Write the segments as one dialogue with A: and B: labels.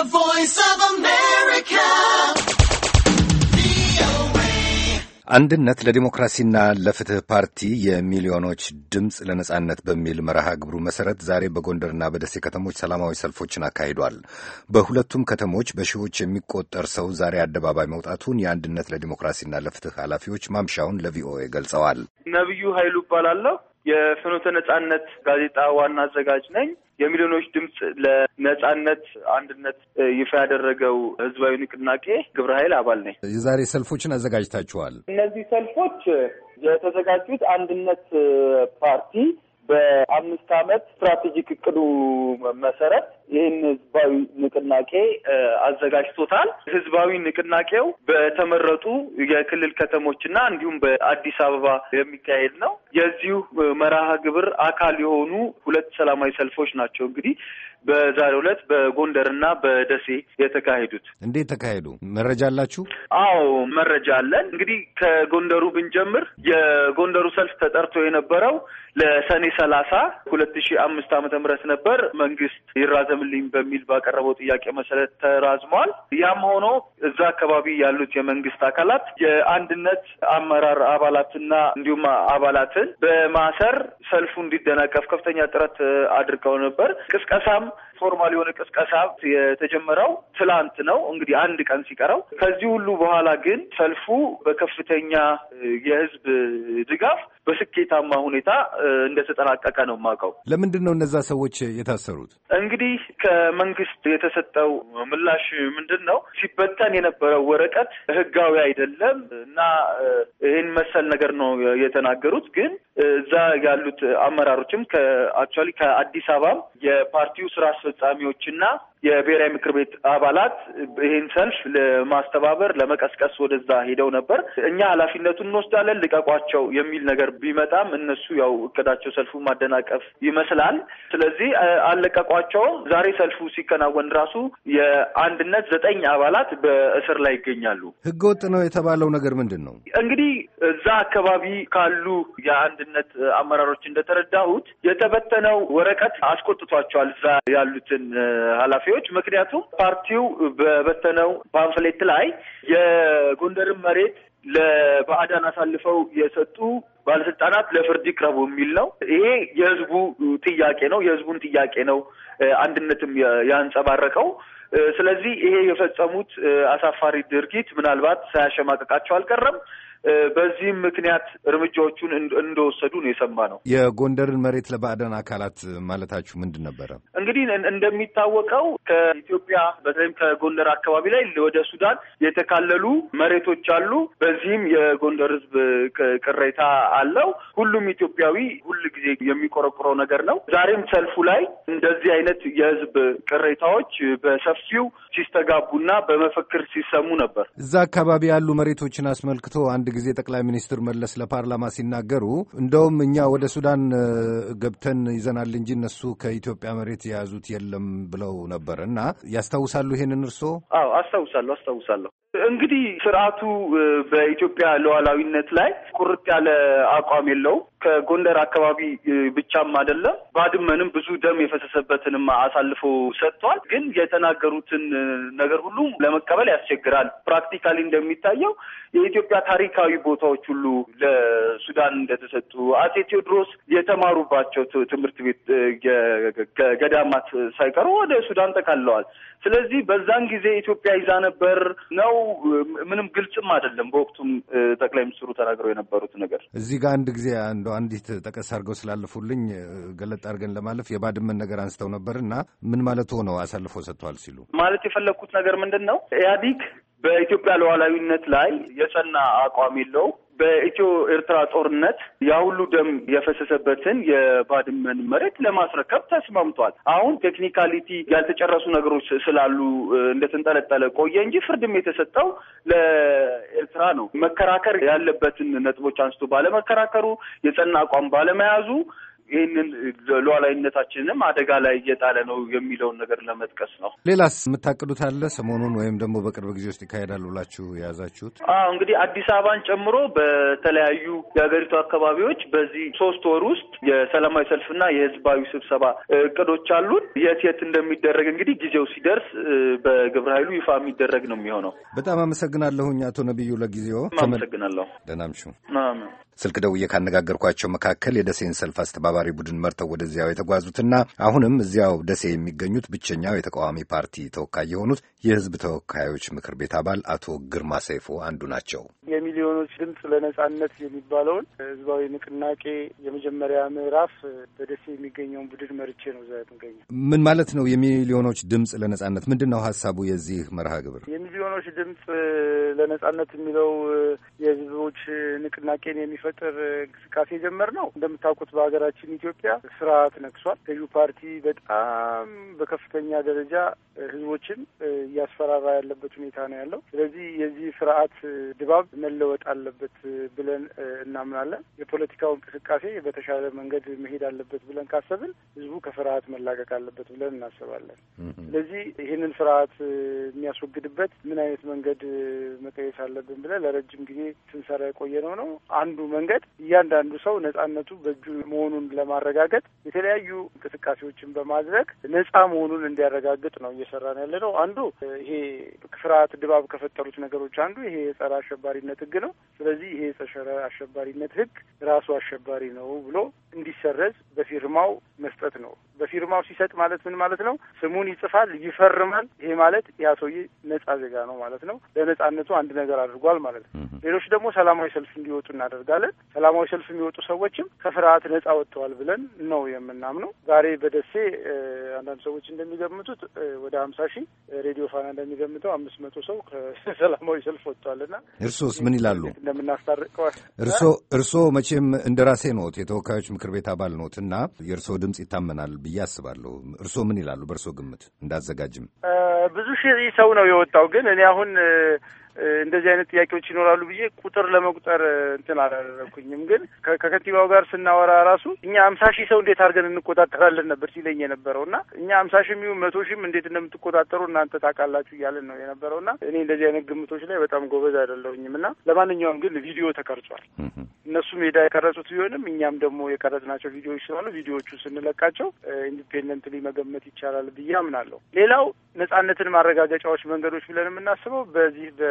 A: The Voice of America.
B: አንድነት ለዲሞክራሲና ለፍትህ ፓርቲ የሚሊዮኖች ድምፅ ለነጻነት በሚል መርሃ ግብሩ መሰረት ዛሬ በጎንደርና በደሴ ከተሞች ሰላማዊ ሰልፎችን አካሂዷል። በሁለቱም ከተሞች በሺዎች የሚቆጠር ሰው ዛሬ አደባባይ መውጣቱን የአንድነት ለዲሞክራሲና ለፍትህ ኃላፊዎች ማምሻውን ለቪኦኤ ገልጸዋል።
A: ነቢዩ ኃይሉ እባላለሁ። የፍኖተ ነጻነት ጋዜጣ ዋና አዘጋጅ ነኝ። የሚሊዮኖች ድምፅ ለነጻነት አንድነት ይፋ ያደረገው ህዝባዊ ንቅናቄ ግብረ ኃይል አባል ነኝ።
B: የዛሬ ሰልፎችን አዘጋጅታችኋል።
A: እነዚህ ሰልፎች የተዘጋጁት አንድነት ፓርቲ በአምስት ዓመት ስትራቴጂክ እቅዱ መሰረት ይህን ህዝባዊ ንቅናቄ አዘጋጅቶታል። ህዝባዊ ንቅናቄው በተመረጡ የክልል ከተሞችና እንዲሁም በአዲስ አበባ የሚካሄድ ነው። የዚሁ መርሃ ግብር አካል የሆኑ ሁለት ሰላማዊ ሰልፎች ናቸው እንግዲህ በዛሬው ዕለት በጎንደርና በደሴ የተካሄዱት።
B: እንዴት ተካሄዱ? መረጃ አላችሁ?
A: አዎ መረጃ አለን። እንግዲህ ከጎንደሩ ብንጀምር የጎንደሩ ሰልፍ ተጠርቶ የነበረው ለሰኔ ሰላሳ ሁለት ሺህ አምስት ዓመተ ምህረት ነበር። መንግስት ይራዘምልኝ በሚል ባቀረበው ጥያቄ መሰረት ተራዝሟል። ያም ሆኖ እዛ አካባቢ ያሉት የመንግስት አካላት የአንድነት አመራር አባላትና እንዲሁም አባላትን በማሰር ሰልፉ እንዲደናቀፍ ከፍተኛ ጥረት አድርገው ነበር። ቅስቀሳም ፎርማል የሆነ ቅስቀሳ የተጀመረው ትላንት ነው፣ እንግዲህ አንድ ቀን ሲቀረው። ከዚህ ሁሉ በኋላ ግን ሰልፉ በከፍተኛ የህዝብ ድጋፍ በስኬታማ ሁኔታ እንደተጠናቀቀ ነው የማውቀው።
B: ለምንድን ነው እነዛ ሰዎች የታሰሩት?
A: እንግዲህ ከመንግስት የተሰጠው ምላሽ ምንድን ነው? ሲበተን የነበረው ወረቀት ህጋዊ አይደለም እና ይህን መሰል ነገር ነው የተናገሩት። ግን እዛ ያሉት አመራሮችም ከአክቹዋሊ ከአዲስ አበባም የፓርቲው ስራ አስፈጻሚዎችና የብሔራዊ ምክር ቤት አባላት ይህን ሰልፍ ለማስተባበር ለመቀስቀስ ወደዛ ሄደው ነበር። እኛ ኃላፊነቱን እንወስዳለን ልቀቋቸው የሚል ነገር ቢመጣም እነሱ ያው እቅዳቸው ሰልፉን ማደናቀፍ ይመስላል። ስለዚህ አልለቀቋቸውም። ዛሬ ሰልፉ ሲከናወን ራሱ የአንድነት ዘጠኝ አባላት በእስር ላይ ይገኛሉ።
B: ህገወጥ ነው የተባለው ነገር ምንድን ነው?
A: እንግዲህ እዛ አካባቢ ካሉ የአንድነት አመራሮች እንደተረዳሁት የተበተነው ወረቀት አስቆጥቷቸዋል። እዛ ያሉትን ኃላፊ ደጋፊዎች። ምክንያቱም ፓርቲው በበተነው ፓምፍሌት ላይ የጎንደርን መሬት ለባዕዳን አሳልፈው የሰጡ ባለስልጣናት ለፍርድ ይቅረቡ የሚል ነው። ይሄ የህዝቡ ጥያቄ ነው። የህዝቡን ጥያቄ ነው አንድነትም ያንጸባረቀው። ስለዚህ ይሄ የፈጸሙት አሳፋሪ ድርጊት ምናልባት ሳያሸማቀቃቸው አልቀረም። በዚህም ምክንያት እርምጃዎቹን እንደወሰዱ ነው የሰማ ነው።
B: የጎንደርን መሬት ለባዕደን አካላት ማለታችሁ ምንድን ነበረ?
A: እንግዲህ እንደሚታወቀው ከኢትዮጵያ በተለይም ከጎንደር አካባቢ ላይ ወደ ሱዳን የተካለሉ መሬቶች አሉ። በዚህም የጎንደር ሕዝብ ቅሬታ አለው። ሁሉም ኢትዮጵያዊ ሁል ጊዜ የሚቆረቁረው ነገር ነው። ዛሬም ሰልፉ ላይ እንደዚህ አይነት የሕዝብ ቅሬታዎች በሰፊው ሲስተጋቡና በመፈክር ሲሰሙ ነበር።
B: እዛ አካባቢ ያሉ መሬቶችን አስመልክቶ አንድ ጊዜ ጠቅላይ ሚኒስትር መለስ ለፓርላማ ሲናገሩ እንደውም እኛ ወደ ሱዳን ገብተን ይዘናል እንጂ እነሱ ከኢትዮጵያ መሬት የያዙት የለም ብለው ነበር እና ያስታውሳሉ ይሄንን እርስዎ?
A: አዎ አስታውሳለሁ አስታውሳለሁ። እንግዲህ ስርዓቱ በኢትዮጵያ ሉዓላዊነት ላይ ቁርጥ ያለ አቋም የለውም። ከጎንደር አካባቢ ብቻም አይደለም ባድመንም ብዙ ደም የፈሰሰበትንም አሳልፎ ሰጥቷል። ግን የተናገሩትን ነገር ሁሉ ለመቀበል ያስቸግራል። ፕራክቲካሊ እንደሚታየው የኢትዮጵያ ታሪካዊ ቦታዎች ሁሉ ለሱዳን እንደተሰጡ አጼ ቴዎድሮስ የተማሩባቸው ትምህርት ቤት ገዳማት ሳይቀሩ ወደ ሱዳን ተካለዋል። ስለዚህ በዛን ጊዜ ኢትዮጵያ ይዛ ነበር ነው ምንም ግልጽም አይደለም። በወቅቱም ጠቅላይ ሚኒስትሩ ተናግረው የነበሩት ነገር
B: እዚህ ጋር አንድ ጊዜ አንዱ አንዲት ጠቀስ አድርገው ስላለፉልኝ ገለጥ አድርገን ለማለፍ የባድመን ነገር አንስተው ነበር እና ምን ማለት ሆነው አሳልፎ ሰጥተዋል ሲሉ
A: ማለት የፈለግኩት ነገር ምንድን ነው ኢህአዲግ በኢትዮጵያ ሉዓላዊነት ላይ የጸና አቋም የለውም። በኢትዮ ኤርትራ ጦርነት ያ ሁሉ ደም የፈሰሰበትን የባድመን መሬት ለማስረከብ ተስማምቷል። አሁን ቴክኒካሊቲ ያልተጨረሱ ነገሮች ስላሉ እንደተንጠለጠለ ቆየ እንጂ ፍርድም የተሰጠው ለኤርትራ ነው። መከራከር ያለበትን ነጥቦች አንስቶ ባለመከራከሩ፣ የጸና አቋም ባለመያዙ ይህንን ሉዓላዊነታችንንም አደጋ ላይ እየጣለ ነው የሚለውን ነገር ለመጥቀስ ነው።
B: ሌላስ የምታቅዱት አለ? ሰሞኑን ወይም ደግሞ በቅርብ ጊዜ ውስጥ ይካሄዳል ብላችሁ የያዛችሁት?
A: አዎ እንግዲህ አዲስ አበባን ጨምሮ በተለያዩ የሀገሪቱ አካባቢዎች በዚህ ሶስት ወር ውስጥ የሰላማዊ ሰልፍና የህዝባዊ ስብሰባ እቅዶች አሉን። የት የት እንደሚደረግ እንግዲህ ጊዜው ሲደርስ በግብረ ኃይሉ ይፋ የሚደረግ ነው የሚሆነው።
B: በጣም አመሰግናለሁኝ አቶ ነቢዩ ለጊዜው አመሰግናለሁ። ደህና እምሹ ስልክ ደውዬ ካነጋገርኳቸው መካከል የደሴን ሰልፍ አስተባባሪ ቡድን መርተው ወደዚያው የተጓዙትና አሁንም እዚያው ደሴ የሚገኙት ብቸኛው የተቃዋሚ ፓርቲ ተወካይ የሆኑት የህዝብ ተወካዮች ምክር ቤት አባል አቶ ግርማ ሰይፎ አንዱ ናቸው።
C: የሚሊዮኖች ድምፅ ለነጻነት የሚባለውን ህዝባዊ ንቅናቄ የመጀመሪያ ምዕራፍ በደሴ የሚገኘውን ቡድን መርቼ ነው እዛ የምገኘው።
B: ምን ማለት ነው? የሚሊዮኖች ድምፅ ለነጻነት ምንድን ነው ሀሳቡ የዚህ መርሃ ግብር?
C: የሚሊዮኖች ድምፅ ለነጻነት የሚለው የህዝቦች ንቅናቄን የሚፈ የፈጠር እንቅስቃሴ ነው። እንደምታውቁት በሀገራችን ኢትዮጵያ ስርዓት ነግሷል። ገዢ ፓርቲ በጣም በከፍተኛ ደረጃ ህዝቦችን እያስፈራራ ያለበት ሁኔታ ነው ያለው። ስለዚህ የዚህ ስርዓት ድባብ መለወጥ አለበት ብለን እናምናለን። የፖለቲካው እንቅስቃሴ በተሻለ መንገድ መሄድ አለበት ብለን ካሰብን ህዝቡ ከፍርሃት መላቀቅ አለበት ብለን እናስባለን። ስለዚህ ይህንን ስርዓት የሚያስወግድበት ምን አይነት መንገድ መቀየስ አለብን ብለን ለረጅም ጊዜ ስንሰራ ነው ነው። አንዱ መንገድ እያንዳንዱ ሰው ነጻነቱ በእጁ መሆኑን ለማረጋገጥ የተለያዩ እንቅስቃሴዎችን በማድረግ ነጻ መሆኑን እንዲያረጋግጥ ነው ነው ያለ ነው። አንዱ ይሄ ፍርሃት ድባብ ከፈጠሩት ነገሮች አንዱ ይሄ የጸረ አሸባሪነት ህግ ነው። ስለዚህ ይሄ የጸረ አሸባሪነት ህግ ራሱ አሸባሪ ነው ብሎ እንዲሰረዝ በፊርማው መስጠት ነው። በፊርማው ሲሰጥ ማለት ምን ማለት ነው? ስሙን ይጽፋል፣ ይፈርማል። ይሄ ማለት ያ ሰውዬ ነጻ ዜጋ ነው ማለት ነው። ለነጻነቱ አንድ ነገር አድርጓል ማለት ነው። ሌሎች ደግሞ ሰላማዊ ሰልፍ እንዲወጡ እናደርጋለን። ሰላማዊ ሰልፍ የሚወጡ ሰዎችም ከፍርሃት ነጻ ወጥተዋል ብለን ነው የምናምነው። ዛሬ በደሴ አንዳንድ ሰዎች እንደሚገምቱት ወደ ሀምሳ ሺህ ሬዲዮ ፋና እንደሚገምተው አምስት መቶ ሰው ከሰላማዊ ሰልፍ ወጥቷልና
B: እርሶስ ምን ይላሉ?
C: እንደምናስታርቀዋል
B: እርሶ እርሶ መቼም ራሴ ኖት፣ የተወካዮች ምክር ቤት አባል ኖት እና የእርሶ ድምጽ ይታመናል ብዬ አስባለሁ። እርስዎ ምን ይላሉ? በእርስዎ ግምት እንዳዘጋጅም
C: ብዙ ሺህ ሰው ነው የወጣው። ግን እኔ አሁን እንደዚህ አይነት ጥያቄዎች ይኖራሉ ብዬ ቁጥር ለመቁጠር እንትን አላደረኩኝም። ግን ከከንቲባው ጋር ስናወራ ራሱ እኛ አምሳ ሺህ ሰው እንዴት አድርገን እንቆጣጠራለን ነበር ሲለኝ የነበረው እና እኛ አምሳ ሺህ የሚሆን መቶ ሺህም እንዴት እንደምትቆጣጠሩ እናንተ ታውቃላችሁ እያለን ነው የነበረው እና እኔ እንደዚህ አይነት ግምቶች ላይ በጣም ጎበዝ አይደለሁኝም እና ለማንኛውም ግን ቪዲዮ ተቀርጿል። እነሱ ሜዳ የቀረጹት ቢሆንም እኛም ደግሞ የቀረጽናቸው ቪዲዮዎች ስላሉ ቪዲዮዎቹ ስንለቃቸው ኢንዲፔንደንትሊ መገመት ይቻላል ብዬ አምናለሁ። ሌላው ነጻነትን ማረጋገጫዎች መንገዶች ብለን የምናስበው በዚህ በ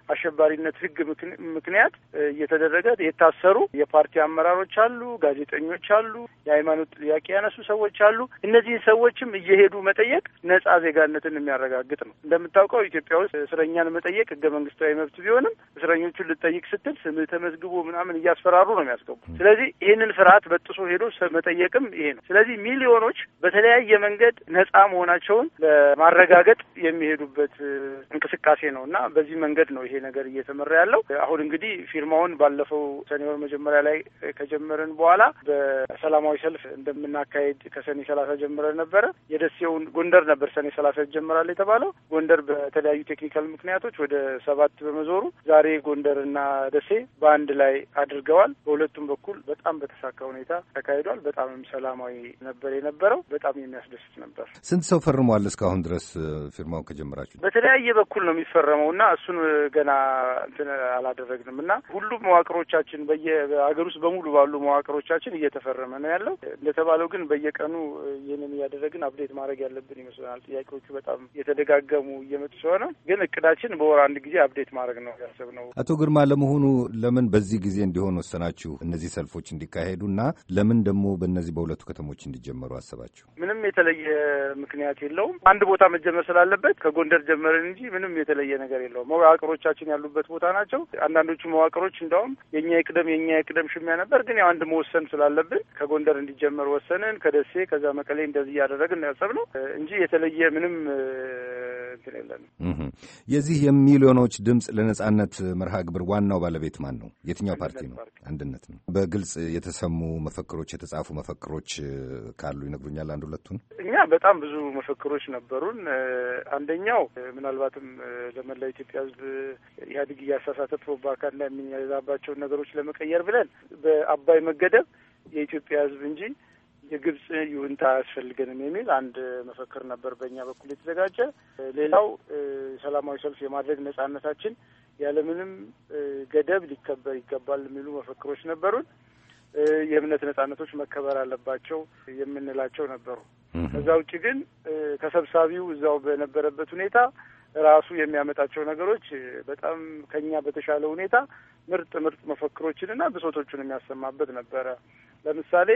C: አሸባሪነት ህግ ምክንያት እየተደረገ የታሰሩ የፓርቲ አመራሮች አሉ፣ ጋዜጠኞች አሉ፣ የሃይማኖት ጥያቄ ያነሱ ሰዎች አሉ።
A: እነዚህን ሰዎችም እየሄዱ
C: መጠየቅ ነጻ ዜጋነትን የሚያረጋግጥ ነው። እንደምታውቀው ኢትዮጵያ ውስጥ እስረኛን መጠየቅ ህገ መንግስታዊ መብት ቢሆንም እስረኞቹን ልጠይቅ ስትል ስምህ ተመዝግቦ ምናምን እያስፈራሩ ነው የሚያስገቡ። ስለዚህ ይህንን ፍርሃት በጥሶ ሄዶ መጠየቅም ይሄ
A: ነው። ስለዚህ ሚሊዮኖች በተለያየ መንገድ
C: ነጻ መሆናቸውን ለማረጋገጥ የሚሄዱበት እንቅስቃሴ ነው እና በዚህ መንገድ ነው ይሄ ነገር እየተመራ ያለው። አሁን እንግዲህ ፊርማውን ባለፈው ሰኔ ወር መጀመሪያ ላይ ከጀመርን በኋላ በሰላማዊ ሰልፍ እንደምናካሄድ ከሰኔ ሰላሳ ጀምረን ነበረ። የደሴውን ጎንደር ነበር ሰኔ ሰላሳ ይጀምራል የተባለው። ጎንደር በተለያዩ ቴክኒካል ምክንያቶች ወደ ሰባት በመዞሩ ዛሬ ጎንደርና ደሴ በአንድ ላይ አድርገዋል። በሁለቱም በኩል በጣም በተሳካ ሁኔታ ተካሂዷል። በጣምም ሰላማዊ ነበር የነበረው። በጣም የሚያስደስት ነበር።
B: ስንት ሰው ፈርሟል? እስካሁን ድረስ ፊርማውን ከጀመራችሁ
C: በተለያየ በኩል ነው የሚፈረመው እና እሱን ገና ገና እንትን አላደረግንም እና ሁሉም መዋቅሮቻችን በየሀገር ውስጥ በሙሉ ባሉ መዋቅሮቻችን እየተፈረመ ነው ያለው። እንደተባለው ግን በየቀኑ ይህንን እያደረግን አፕዴት ማድረግ ያለብን ይመስለናል። ጥያቄዎቹ በጣም የተደጋገሙ እየመጡ ስለሆነ ግን እቅዳችን በወር አንድ ጊዜ አፕዴት ማድረግ ነው ያሰብነው። አቶ
B: ግርማ ለመሆኑ ለምን በዚህ ጊዜ እንዲሆን ወሰናችሁ? እነዚህ ሰልፎች እንዲካሄዱ እና ለምን ደግሞ በእነዚህ በሁለቱ ከተሞች እንዲጀመሩ አሰባችሁ?
C: ምንም የተለየ ምክንያት የለውም። አንድ ቦታ መጀመር ስላለበት ከጎንደር ጀመርን እንጂ ምንም የተለየ ነገር የለውም። መዋቅሮቻ አባቶቻችን ያሉበት ቦታ ናቸው። አንዳንዶቹ መዋቅሮች እንዲያውም የእኛ የቅደም የእኛ የቅደም ሽሚያ ነበር፣ ግን ያው አንድ መወሰን ስላለብን ከጎንደር እንዲጀመር ወሰንን። ከደሴ ከዛ መቀሌ እንደዚህ እያደረግን ያሰብነው እንጂ የተለየ ምንም እንትን የለን።
B: የዚህ የሚሊዮኖች ድምፅ ለነጻነት መርሃ ግብር ዋናው ባለቤት ማን ነው? የትኛው ፓርቲ ነው? አንድነት ነው። በግልጽ የተሰሙ መፈክሮች፣ የተጻፉ መፈክሮች ካሉ ይነግሩኛል። አንድ ሁለቱን።
C: እኛ በጣም ብዙ መፈክሮች ነበሩን። አንደኛው ምናልባትም ለመላ ኢትዮጵያ ሕዝብ ኢህአዴግ እያሳሳተ ፕሮፓጋንዳ የሚያዛባቸውን ነገሮች ለመቀየር ብለን በአባይ መገደብ የኢትዮጵያ ህዝብ እንጂ የግብጽ ይሁንታ አያስፈልገንም የሚል አንድ መፈክር ነበር በእኛ በኩል የተዘጋጀ። ሌላው ሰላማዊ ሰልፍ የማድረግ ነጻነታችን ያለምንም ገደብ ሊከበር ይገባል የሚሉ መፈክሮች ነበሩን። የእምነት ነጻነቶች መከበር አለባቸው የምንላቸው ነበሩ። ከዛ ውጭ ግን ተሰብሳቢው እዛው በነበረበት ሁኔታ ራሱ የሚያመጣቸው ነገሮች በጣም ከኛ በተሻለ ሁኔታ ምርጥ ምርጥ መፈክሮችንና ብሶቶቹን የሚያሰማበት ነበረ። ለምሳሌ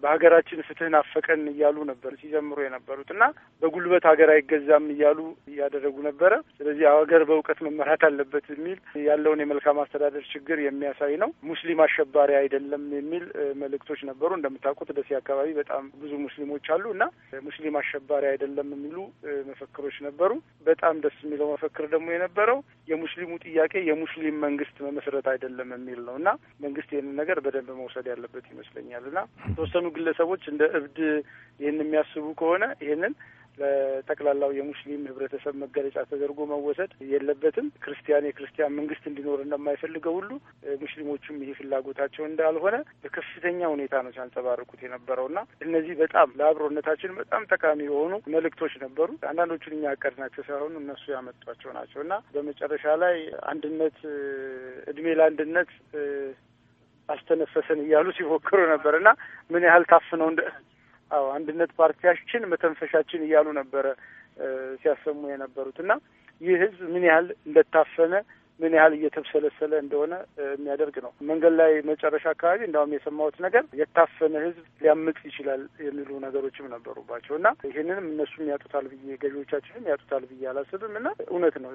C: በሀገራችን ፍትህ ናፈቀን እያሉ ነበር ሲጀምሩ የነበሩት እና በጉልበት ሀገር አይገዛም እያሉ እያደረጉ ነበረ። ስለዚህ ሀገር በእውቀት መመራት አለበት የሚል ያለውን የመልካም አስተዳደር ችግር የሚያሳይ ነው። ሙስሊም አሸባሪ አይደለም የሚል መልእክቶች ነበሩ። እንደምታውቁት ደሴ አካባቢ በጣም ብዙ ሙስሊሞች አሉ እና ሙስሊም አሸባሪ አይደለም የሚሉ መፈክሮች ነበሩ። በጣም ደስ የሚለው መፈክር ደግሞ የነበረው የሙስሊሙ ጥያቄ የሙስሊም መንግስት መመስረት አይደለም የሚል ነው እና መንግስት ይህንን ነገር በደንብ መውሰድ ያለበት ይመስለኛል እና የተወሰኑ ግለሰቦች እንደ እብድ ይህን የሚያስቡ ከሆነ ይህንን ለጠቅላላው የሙስሊም ህብረተሰብ መገለጫ ተደርጎ መወሰድ የለበትም። ክርስቲያን የክርስቲያን መንግስት እንዲኖር እንደማይፈልገው ሁሉ ሙስሊሞቹም ይህ ፍላጎታቸው እንዳልሆነ በከፍተኛ ሁኔታ ነው ሲያንጸባርቁት እና እነዚህ በጣም ለአብሮነታችን በጣም ጠቃሚ የሆኑ መልእክቶች ነበሩ። አንዳንዶቹን እኛ ያቀድናቸው ሳይሆኑ እነሱ ያመጧቸው ናቸው እና በመጨረሻ ላይ አንድነት እድሜ ለአንድነት አስተነፈሰን እያሉ ሲፎክሩ ነበር እና ምን ያህል ታፍነው አዎ አንድነት ፓርቲያችን መተንፈሻችን እያሉ ነበረ ሲያሰሙ የነበሩት እና ይህ ህዝብ ምን ያህል እንደታፈነ ምን ያህል እየተብሰለሰለ እንደሆነ የሚያደርግ ነው። መንገድ ላይ መጨረሻ አካባቢ እንዳውም የሰማሁት ነገር የታፈነ ህዝብ ሊያምጥ ይችላል የሚሉ ነገሮችም ነበሩባቸው እና ይህንንም እነሱም ያጡታል ብዬ ገዢዎቻችንም ያጡታል ብዬ አላስብም እና እውነት ነው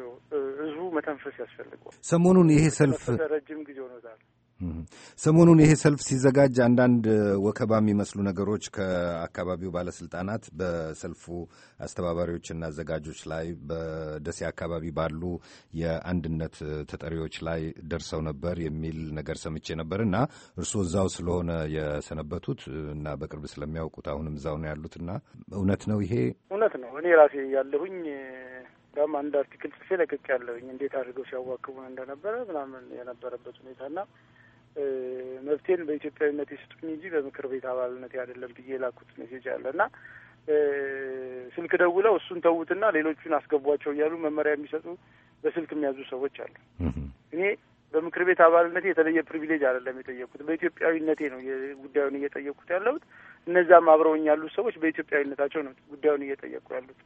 C: ህዝቡ መተንፈስ ያስፈልገዋል።
B: ሰሞኑን ይሄ ሰልፍ
C: ረጅም ጊዜ ሆኖታል።
B: ሰሞኑን ይሄ ሰልፍ ሲዘጋጅ አንዳንድ ወከባ የሚመስሉ ነገሮች ከአካባቢው ባለስልጣናት በሰልፉ አስተባባሪዎችና አዘጋጆች ላይ በደሴ አካባቢ ባሉ የአንድነት ተጠሪዎች ላይ ደርሰው ነበር የሚል ነገር ሰምቼ ነበር እና እርስዎ እዛው ስለሆነ የሰነበቱት እና በቅርብ ስለሚያውቁት አሁንም እዛው ነው ያሉትና እውነት ነው ይሄ?
C: እውነት ነው። እኔ ራሴ ያለሁኝ በጣም አንድ አርቲክል ጽፌ ለቅቅ ያለሁኝ እንዴት አድርገው ሲያዋክቡን እንደነበረ ምናምን የነበረበት ሁኔታና መብቴን በኢትዮጵያዊነት የስጡኝ እንጂ በምክር ቤት አባልነት አይደለም ብዬ የላኩት ሜሴጅ አለ እና ስልክ ደውለው እሱን ተዉትና ሌሎቹን አስገቧቸው እያሉ መመሪያ የሚሰጡ በስልክ የሚያዙ ሰዎች አሉ። እኔ በምክር ቤት አባልነቴ የተለየ ፕሪቪሌጅ አይደለም የጠየቁት በኢትዮጵያዊነቴ ነው ጉዳዩን እየጠየቁት ያለሁት። እነዛም አብረውኝ ያሉት ሰዎች በኢትዮጵያዊነታቸው ነው ጉዳዩን እየጠየቁ ያሉት።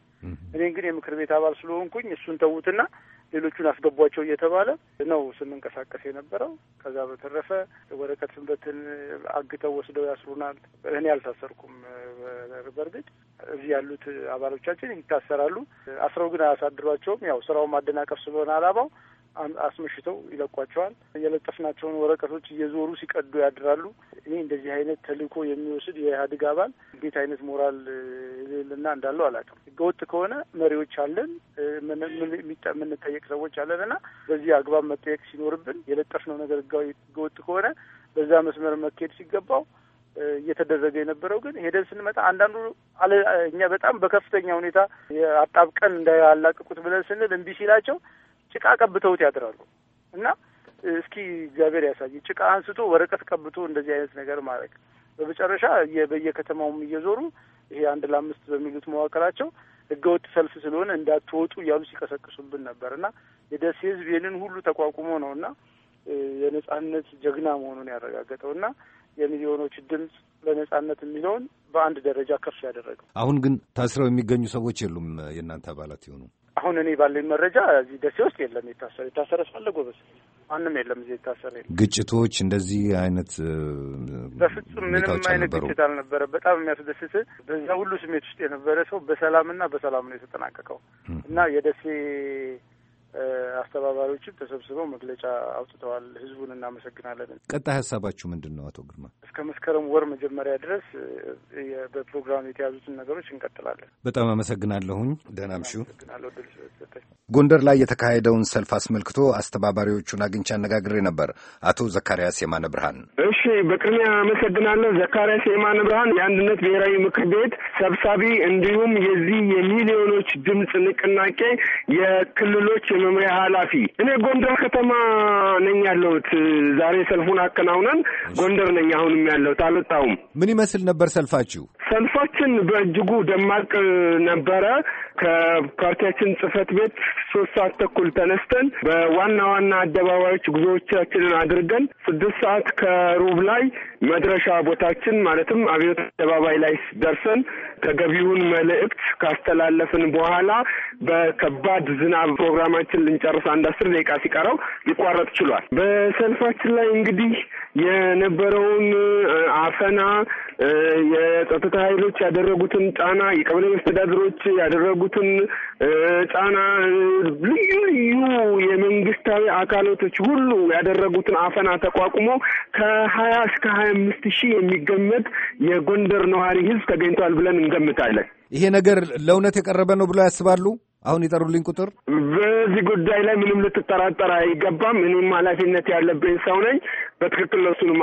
C: እኔ ግን የምክር ቤት አባል ስለሆንኩኝ እሱን ተዉትና ሌሎቹን አስገቧቸው እየተባለ ነው ስንንቀሳቀስ የነበረው። ከዛ በተረፈ ወረቀት ስንበትን አግተው ወስደው ያስሩናል። እኔ አልታሰርኩም። በእርግጥ እዚህ ያሉት አባሎቻችን ይታሰራሉ። አስረው ግን አያሳድሯቸውም። ያው ስራውን ማደናቀፍ ስለሆነ አላማው አስመሽተው ይለቋቸዋል። የለጠፍናቸውን ወረቀቶች እየዞሩ ሲቀዱ ያድራሉ። እኔ እንደዚህ አይነት ተልእኮ የሚወስድ የኢህአዴግ አባል እንዴት አይነት ሞራል ልና እንዳለው አላውቅም። ህገወጥ ከሆነ መሪዎች አለን፣ የምንጠየቅ ሰዎች አለን እና በዚህ አግባብ መጠየቅ ሲኖርብን የለጠፍነው ነገር ህገወጥ ከሆነ በዛ መስመር መካሄድ ሲገባው እየተደረገ የነበረው ግን ሄደን ስንመጣ አንዳንዱ አለ እኛ በጣም በከፍተኛ ሁኔታ የአጣብቀን እንዳያላቅቁት ብለን ስንል እምቢ ሲላቸው ጭቃ ቀብተውት ያድራሉ እና እስኪ እግዚአብሔር ያሳይ። ጭቃ አንስቶ ወረቀት ቀብቶ እንደዚህ አይነት ነገር ማድረግ በመጨረሻ በየከተማውም እየዞሩ ይሄ አንድ ለአምስት በሚሉት መዋቅራቸው ህገወጥ ሰልፍ ስለሆነ እንዳትወጡ እያሉ ሲቀሰቅሱብን ነበር እና የደሴ ህዝብ ይህንን ሁሉ ተቋቁሞ ነው እና የነጻነት ጀግና መሆኑን ያረጋገጠው እና የሚሊዮኖች ድምፅ ለነጻነት የሚለውን በአንድ ደረጃ ከፍ ያደረገው።
B: አሁን ግን ታስረው የሚገኙ ሰዎች የሉም የእናንተ አባላት የሆኑ?
C: አሁን እኔ ባለኝ መረጃ እዚህ ደሴ ውስጥ የለም የታሰረ የታሰረ ሳለ ጎበስ ማንም የለም እዚህ የታሰረ የለም።
B: ግጭቶች እንደዚህ አይነት በፍጹም ምንም አይነት ግጭት
C: አልነበረ። በጣም የሚያስደስት በዛ ሁሉ ስሜት ውስጥ የነበረ ሰው በሰላምና በሰላም ነው የተጠናቀቀው እና የደሴ አስተባባሪዎችም ተሰብስበው መግለጫ አውጥተዋል። ህዝቡን እናመሰግናለን።
B: ቀጣይ ሀሳባችሁ ምንድን ነው? አቶ ግርማ፣
C: እስከ መስከረም ወር መጀመሪያ ድረስ በፕሮግራም የተያዙትን ነገሮች እንቀጥላለን።
B: በጣም አመሰግናለሁኝ። ደህና ምሹ። ጎንደር ላይ የተካሄደውን ሰልፍ አስመልክቶ አስተባባሪዎቹን አግኝቼ አነጋግሬ ነበር። አቶ ዘካርያስ የማነ ብርሃን።
D: እሺ፣ በቅድሚያ አመሰግናለሁ። ዘካርያስ የማነ ብርሃን የአንድነት ብሔራዊ ምክር ቤት ሰብሳቢ እንዲሁም የዚህ የሚሊዮኖች ድምፅ ንቅናቄ የክልሎች መምሪያ ኃላፊ እኔ ጎንደር ከተማ ነኝ ያለሁት። ዛሬ ሰልፉን አከናውነን ጎንደር ነኝ አሁንም ያለሁት አልወጣሁም።
B: ምን ይመስል ነበር ሰልፋችሁ?
D: ሰልፋችን በእጅጉ ደማቅ ነበረ። ከፓርቲያችን ጽህፈት ቤት ሶስት ሰዓት ተኩል ተነስተን በዋና ዋና አደባባዮች ጉዞዎቻችንን አድርገን ስድስት ሰዓት ከሩብ ላይ መድረሻ ቦታችን ማለትም አብዮት አደባባይ ላይ ደርሰን ተገቢውን መልእክት ካስተላለፍን በኋላ በከባድ ዝናብ ፕሮግራማችን ሰልፋችን ልንጨርስ አንድ አስር ደቂቃ ሲቀረው ሊቋረጥ ችሏል። በሰልፋችን ላይ እንግዲህ የነበረውን አፈና፣ የጸጥታ ኃይሎች ያደረጉትን ጫና፣ የቀበሌ መስተዳድሮች ያደረጉትን ጫና፣ ልዩ ልዩ የመንግስታዊ አካላቶች ሁሉ ያደረጉትን አፈና ተቋቁሞ ከሀያ እስከ ሀያ አምስት ሺህ የሚገመት የጎንደር ነዋሪ ህዝብ ተገኝቷል ብለን እንገምታለን።
B: ይሄ ነገር ለእውነት የቀረበ ነው ብሎ ያስባሉ? አሁን የጠሩልኝ ቁጥር
D: በዚህ ጉዳይ ላይ ምንም ልትጠራጠር አይገባም። እኔም ኃላፊነት ያለብኝ ሰው ነኝ። በትክክል ለእሱ ነው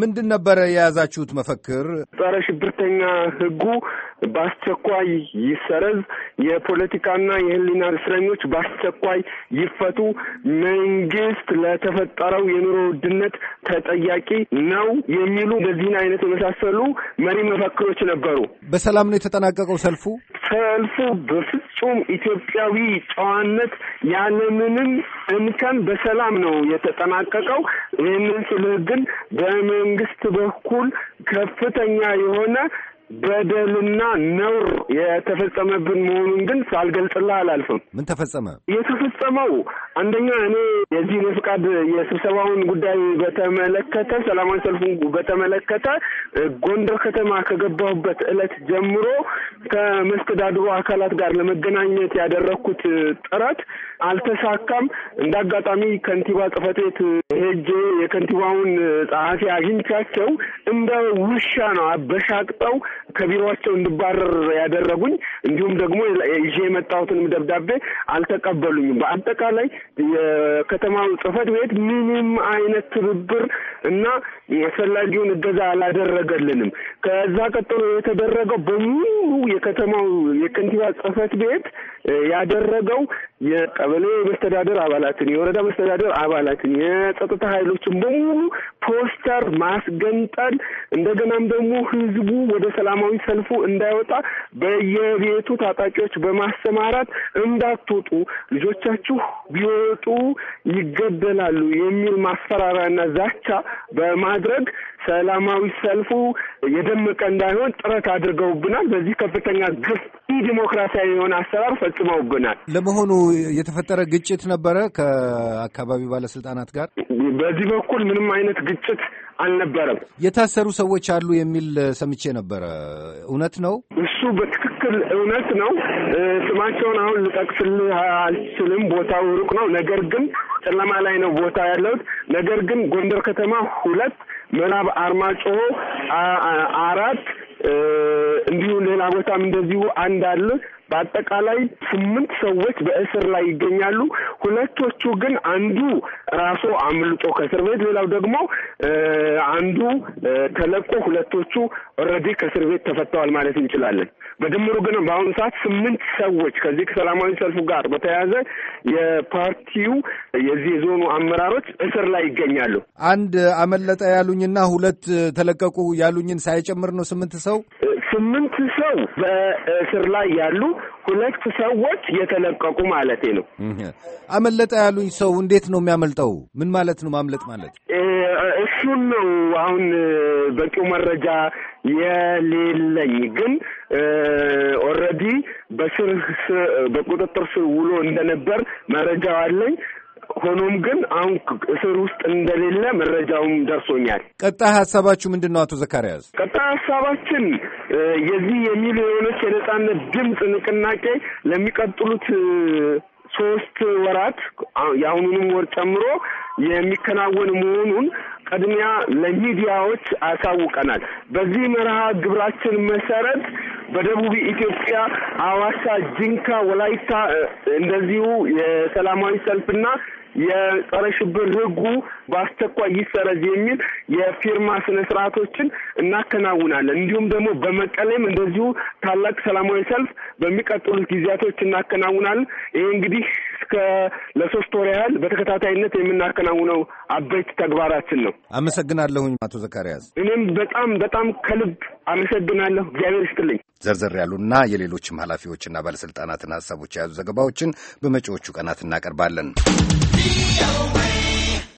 B: ምንድን ነበረ የያዛችሁት መፈክር?
D: ጸረ ሽብርተኛ ህጉ በአስቸኳይ ይሰረዝ፣ የፖለቲካና የህሊና እስረኞች በአስቸኳይ ይፈቱ፣ መንግስት ለተፈጠረው የኑሮ ውድነት ተጠያቂ ነው የሚሉ እንደዚህን አይነት የመሳሰሉ መሪ መፈክሮች ነበሩ።
B: በሰላም ነው የተጠናቀቀው ሰልፉ።
D: ሰልፉ በፍጹም ኢትዮጵያዊ ጨዋነት ያለምንም እንከን በሰላም ነው የተጠናቀቀው። ይህንን ስልህ ግን በመንግስት በኩል ከፍተኛ የሆነ በደልና ነውር የተፈጸመብን መሆኑን ግን ሳልገልጽልህ አላልፍም። ምን ተፈጸመ? የተፈጸመው አንደኛ እኔ የዚህ የፍቃድ የስብሰባውን ጉዳይ በተመለከተ ሰላማዊ ሰልፉን በተመለከተ ጎንደር ከተማ ከገባሁበት ዕለት ጀምሮ ከመስተዳድሩ አካላት ጋር ለመገናኘት ያደረግኩት ጥረት አልተሳካም። እንደ አጋጣሚ ከንቲባ ጽሕፈት ቤት ሄጄ የከንቲባውን ጸሐፊ አግኝቻቸው እንደ ውሻ ነው አበሻቅጠው ከቢሮቸው እንድባረር ያደረጉኝ እንዲሁም ደግሞ ይዤ የመጣሁትንም ደብዳቤ አልተቀበሉኝም። በአጠቃላይ የከተማው ጽህፈት ቤት ምንም አይነት ትብብር እና አስፈላጊውን እገዛ አላደረገልንም። ከዛ ቀጥሎ የተደረገው በሙሉ የከተማው የከንቲባ ጽህፈት ቤት ያደረገው የቀበሌ መስተዳደር አባላትን፣ የወረዳ መስተዳደር አባላትን፣ የጸጥታ ኃይሎችን በሙሉ ፖስተር ማስገንጠል እንደገናም ደግሞ ህዝቡ ወደ ሰላማ ሰላማዊ ሰልፉ እንዳይወጣ በየቤቱ ታጣቂዎች በማሰማራት እንዳትወጡ፣ ልጆቻችሁ ቢወጡ ይገደላሉ የሚል ማስፈራሪያና ዛቻ በማድረግ ሰላማዊ ሰልፉ የደመቀ እንዳይሆን ጥረት አድርገውብናል። በዚህ ከፍተኛ ግፍ ዲሞክራሲያዊ የሆነ አሰራር ፈጽመውብናል።
B: ለመሆኑ የተፈጠረ ግጭት ነበረ ከአካባቢው ባለስልጣናት ጋር? በዚህ
D: በኩል ምንም አይነት ግጭት አልነበረም።
B: የታሰሩ ሰዎች አሉ የሚል ሰምቼ ነበረ።
D: እውነት ነው? እሱ በትክክል እውነት ነው። ስማቸውን አሁን ልጠቅስልህ አልችልም፣ ቦታው ሩቅ ነው። ነገር ግን ጨለማ ላይ ነው ቦታ ያለሁት። ነገር ግን ጎንደር ከተማ ሁለት፣ ምዕራብ አርማጭሆ አራት እንዲሁ ሌላ ቦታም እንደዚሁ አንድ አለ። በአጠቃላይ ስምንት ሰዎች በእስር ላይ ይገኛሉ። ሁለቶቹ ግን አንዱ ራሱ አምልጦ ከእስር ቤት፣ ሌላው ደግሞ አንዱ ተለቆ ሁለቶቹ ኦልሬዲ ከእስር ቤት ተፈተዋል ማለት እንችላለን። በድምሩ ግን በአሁኑ ሰዓት ስምንት ሰዎች ከዚህ ከሰላማዊ ሰልፉ ጋር በተያያዘ የፓርቲው የዚህ የዞኑ አመራሮች እስር ላይ ይገኛሉ።
B: አንድ አመለጠ ያሉኝና ሁለት ተለቀቁ ያሉኝን ሳይጨምር ነው ስምንት ሰው
D: ስምንት ሰው በእስር ላይ ያሉ ሁለት ሰዎች የተለቀቁ ማለቴ ነው።
B: አመለጠ ያሉኝ ሰው እንዴት ነው የሚያመልጠው? ምን ማለት ነው ማምለጥ ማለት?
D: እሱን ነው አሁን በቂው መረጃ የሌለኝ ግን ኦልሬዲ በስር በቁጥጥር ስር ውሎ እንደነበር መረጃው አለኝ። ሆኖም ግን አሁን እስር ውስጥ እንደሌለ መረጃውም ደርሶኛል።
B: ቀጣይ ሀሳባችሁ ምንድን ነው አቶ ዘካርያስ?
D: ቀጣይ ሀሳባችን የዚህ የሚሊዮኖች የነጻነት ድምፅ ንቅናቄ ለሚቀጥሉት ሶስት ወራት የአሁኑንም ወር ጨምሮ የሚከናወን መሆኑን ቅድሚያ ለሚዲያዎች አሳውቀናል። በዚህ መርሃ ግብራችን መሰረት በደቡብ ኢትዮጵያ አዋሳ፣ ጅንካ ወላይታ እንደዚሁ የሰላማዊ ሰልፍና የጸረ ሽብር ህጉ በአስቸኳይ ይሰረዝ የሚል የፊርማ ስነ ስርዓቶችን እናከናውናለን። እንዲሁም ደግሞ በመቀሌም እንደዚሁ ታላቅ ሰላማዊ ሰልፍ በሚቀጥሉት ጊዜያቶች እናከናውናለን። ይሄ እንግዲህ እስከ ለሶስት ወር ያህል በተከታታይነት የምናከናውነው አበይት ተግባራችን ነው።
B: አመሰግናለሁኝ አቶ ዘካርያስ።
D: እኔም በጣም በጣም ከልብ አመሰግናለሁ።
B: እግዚአብሔር ይስጥልኝ። ዘርዘር ያሉና የሌሎችም ኃላፊዎችና ባለስልጣናትን ሀሳቦች የያዙ ዘገባዎችን በመጪዎቹ ቀናት እናቀርባለን። Radio